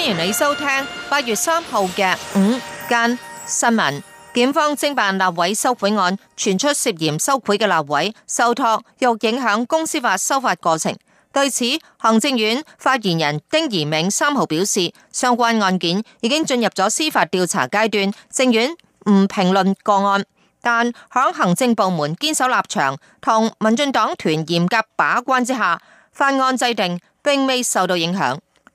歡迎你收聽八月三號嘅午間新聞。檢方偵辦立委收賄案，傳出涉嫌收賄嘅立委受託又影響公司法修法過程。對此，行政院發言人丁怡銘三號表示，相關案件已經進入咗司法調查階段，政院唔評論個案，但響行政部門堅守立場同民進黨團嚴格把關之下，法案制定並未受到影響。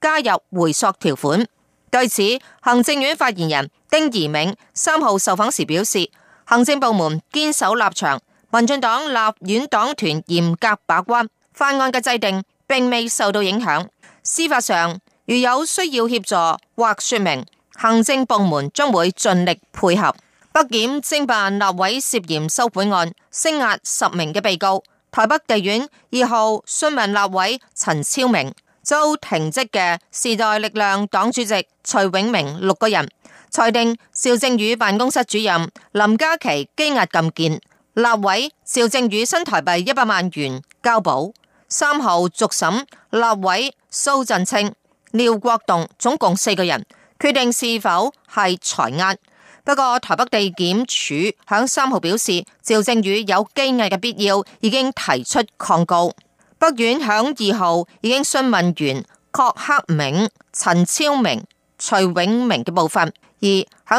加入回溯條款。對此，行政院發言人丁怡銘三號受訪時表示，行政部門堅守立場，民進黨立院黨團嚴格把關，法案嘅制定並未受到影響。司法上如有需要協助或說明，行政部門將會盡力配合。北檢偵辦立委涉嫌收賄案，聲押十名嘅被告。台北地院二號詢問立委陳超明。遭停職嘅時代力量黨主席徐永明六個人裁定，趙正宇辦公室主任林嘉琪羈押禁見，立委趙正宇新台幣一百萬元交保，三號續審立委蘇振清廖國棟，總共四個人決定是否係財壓。不過台北地檢署響三號表示，趙正宇有羈押嘅必要，已經提出抗告。北院響二號已經訊問完郭克明、陳超明、徐永明嘅部分，而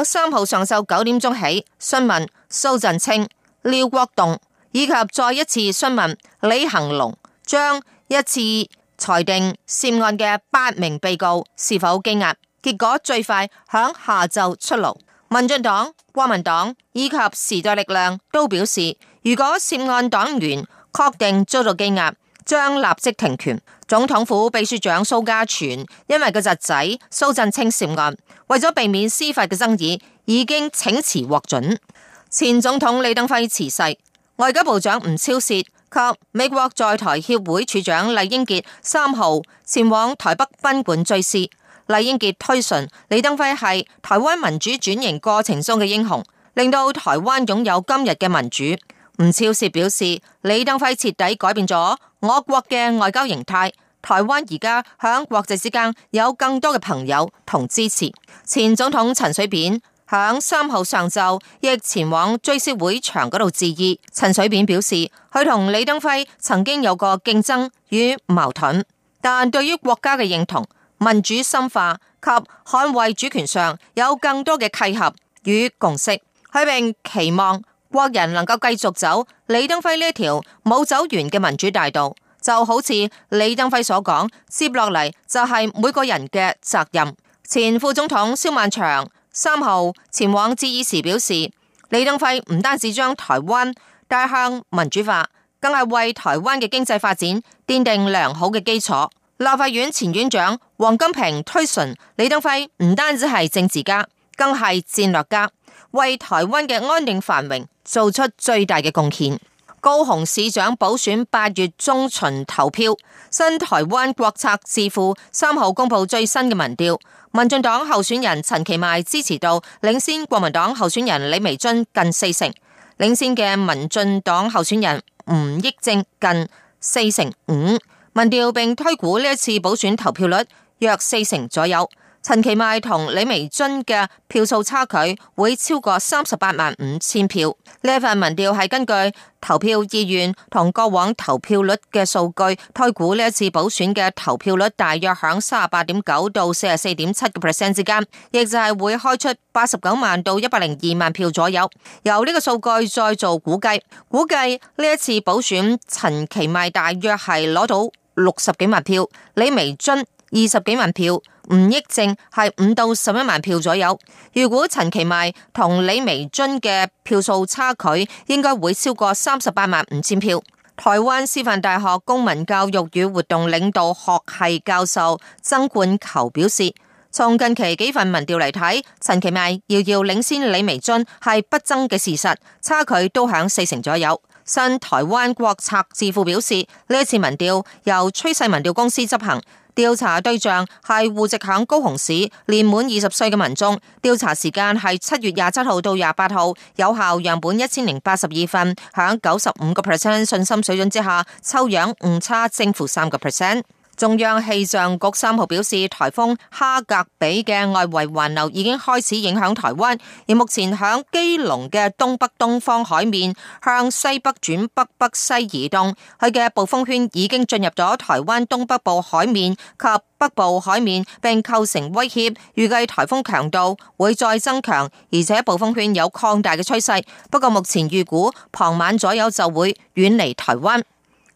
響三號上晝九點鐘起訊問蘇振清、廖國棟，以及再一次訊問李恆龍，將一次裁定涉案嘅八名被告是否羈押，結果最快響下晝出爐。民進黨、國民黨以及時代力量都表示，如果涉案黨員確定遭到羈押。將立即停權。總統府秘書長蘇家全因為個侄仔蘇振清涉案，為咗避免司法嘅爭議，已經請辭獲准。前總統李登輝辭世，外交部長吳超說及美國在台協會處長黎英傑三號前往台北賓館追思。黎英傑推崇李登輝係台灣民主轉型過程中嘅英雄，令到台灣擁有今日嘅民主。吳超說表示李登輝徹底改變咗，我國嘅外交形態，台灣而家響國際之間有更多嘅朋友同支持。前總統陳水扁響三號上晝亦前往追思會場嗰度致意。陳水扁表示，佢同李登輝曾經有過競爭與矛盾，但對於國家嘅認同、民主深化及捍衛主權上有更多嘅契合與共識。佢並期望。國人能夠繼續走李登輝呢一條冇走完嘅民主大道，就好似李登輝所講，接落嚟就係每個人嘅責任。前副總統蕭萬長三號前往致意時表示，李登輝唔單止將台灣帶向民主化，更係為台灣嘅經濟發展奠定良好嘅基礎。立法院前院長王金平推崇李登輝唔單止係政治家，更係戰略家。為台灣嘅安定繁榮做出最大嘅貢獻。高雄市長補選八月中旬投票，新台灣國策智庫三號公布最新嘅民調，民進黨候選人陳其邁支持度領先國民黨候選人李眉蓁近，近四成，領先嘅民進黨候選人吳益政近四成五。民調並推估呢一次補選投票率約四成左右。陳其邁同李眉蓁嘅票數差距會超過三十八萬五千票。呢一份民調係根據投票意願同過往投票率嘅數據推估呢一次補選嘅投票率大約喺三十八點九到四十四點七個 percent 之間，亦就係會開出八十九萬到一百零二萬票左右。由呢個數據再做估計，估計呢一次補選陳其邁大約係攞到六十幾萬票，李眉蓁。二十幾萬票，吳益政係五到十一萬票左右。如果陳其邁同李眉蓁嘅票數差距，應該會超過三十八萬五千票。台灣師範大學公民教育與活動領導學系教授曾冠球表示，從近期幾份民調嚟睇，陳其邁遙遙領先李眉蓁係不爭嘅事實，差距都響四成左右。新台灣國策智庫表示，呢一次民調由趨勢民調公司執行。調查對象係戶籍響高雄市、年滿二十歲嘅民眾。調查時間係七月廿七號到廿八號，有效樣本一千零八十二份，響九十五個 percent 信心水準之下，抽樣誤差正負三個 percent。中央氣象局三號表示，颱風哈格比嘅外圍環流已經開始影響台灣，而目前響基隆嘅東北東方海面向西北轉北北西移動，佢嘅暴風圈已經進入咗台灣東北部海面及北部海面，並構成威脅。預計颱風強度會再增強，而且暴風圈有擴大嘅趨勢。不過目前預估傍晚左右就會遠離台灣。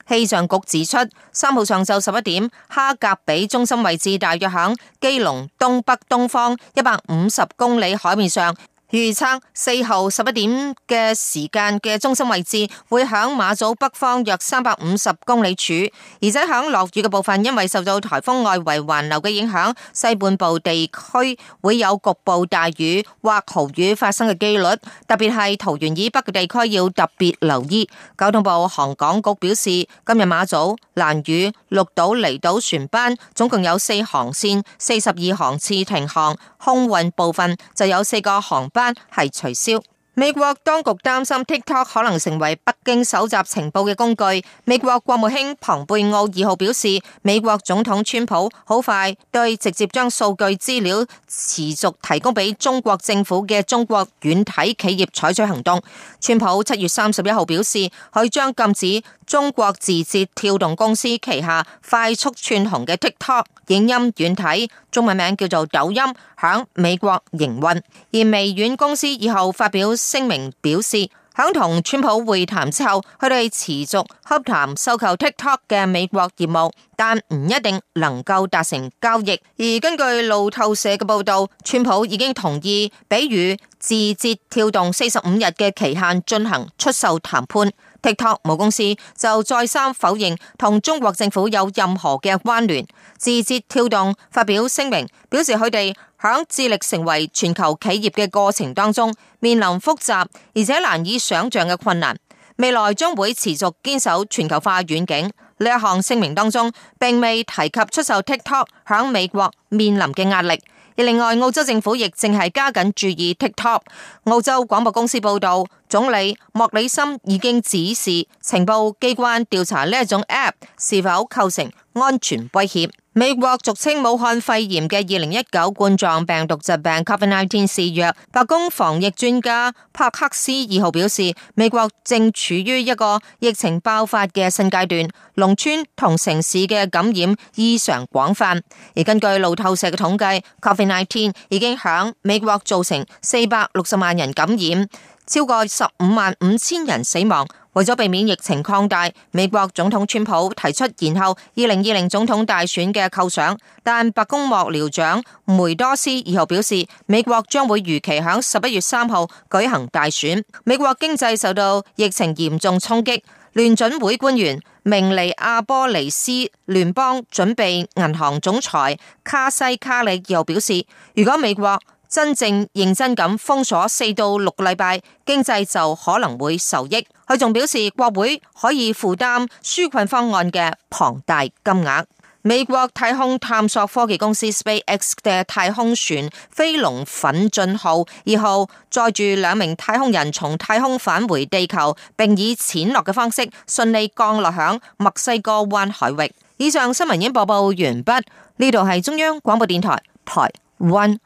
氣象局指出，三號上晝十一點，哈格比中心位置大約響基隆東北東方一百五十公里海面上。預測四號十一點嘅時間嘅中心位置會響馬祖北方約三百五十公里處，而且喺落雨嘅部分，因為受到台風外圍環流嘅影響，西半部地區會有局部大雨或豪雨發生嘅機率，特別係桃園以北嘅地區要特別留意。交通部航港局表示，今日馬祖、蘭嶼、綠島、離島船班總共有四航線、四十二航次停航，空運部分就有四個航班係取消。美國當局擔心 TikTok 可能成為北京搜集情報嘅工具。美國國務卿蓬佩奧二號表示，美國總統川普好快對直接將數據資料持續提供俾中國政府嘅中國軟體企業採取行動。川普七月三十一號表示，佢將禁止中國字節跳動公司旗下快速竄紅嘅 TikTok 影音軟體（中文名叫做抖音）響美國營運。而微軟公司二號發表。聲明表示，響同川普會談之後，佢哋持續洽談收購 TikTok 嘅美國業務，但唔一定能夠達成交易。而根據路透社嘅報導，川普已經同意俾與字節跳動四十五日嘅期限進行出售談判。TikTok 母公司就再三否認同中國政府有任何嘅關聯，字節跳動發表聲明，表示佢哋響致力成為全球企業嘅過程當中，面臨複雜而且難以想象嘅困難，未來將會持續堅守全球化遠景。呢一項聲明當中，並未提及出售 TikTok 響美國面臨嘅壓力。另外，澳洲政府亦正係加緊注意 TikTok。澳洲廣播公司報道，總理莫里森已經指示情報機關調查呢一種 App 是否構成安全威脅。美國俗稱武漢肺炎嘅二零一九冠狀病毒疾病 （Covid-19） 肆虐，白宮防疫專家帕克斯二號表示，美國正處於一個疫情爆發嘅新階段，農村同城市嘅感染異常廣泛。而根據路透社嘅統計，Covid-19 已經響美國造成四百六十萬人感染，超過十五萬五千人死亡。為咗避免疫情擴大，美國總統川普提出延後二零二零總統大選嘅構想，但白宮幕僚長梅多斯二號表示，美國將會如期喺十一月三號舉行大選。美國經濟受到疫情嚴重衝擊，聯準會官員明尼阿波尼斯、聯邦準備銀行總裁卡西卡里二號表示，如果美國真正認真咁封鎖四到六個禮拜，經濟就可能會受益。佢仲表示，國會可以負擔紓困方案嘅龐大金額。美國太空探索科技公司 SpaceX 嘅太空船飛龍奮進號二號載住兩名太空人從太空返回地球，並以濺落嘅方式順利降落響墨西哥灣海域。以上新聞已經播報完畢。呢度係中央廣播電台台灣。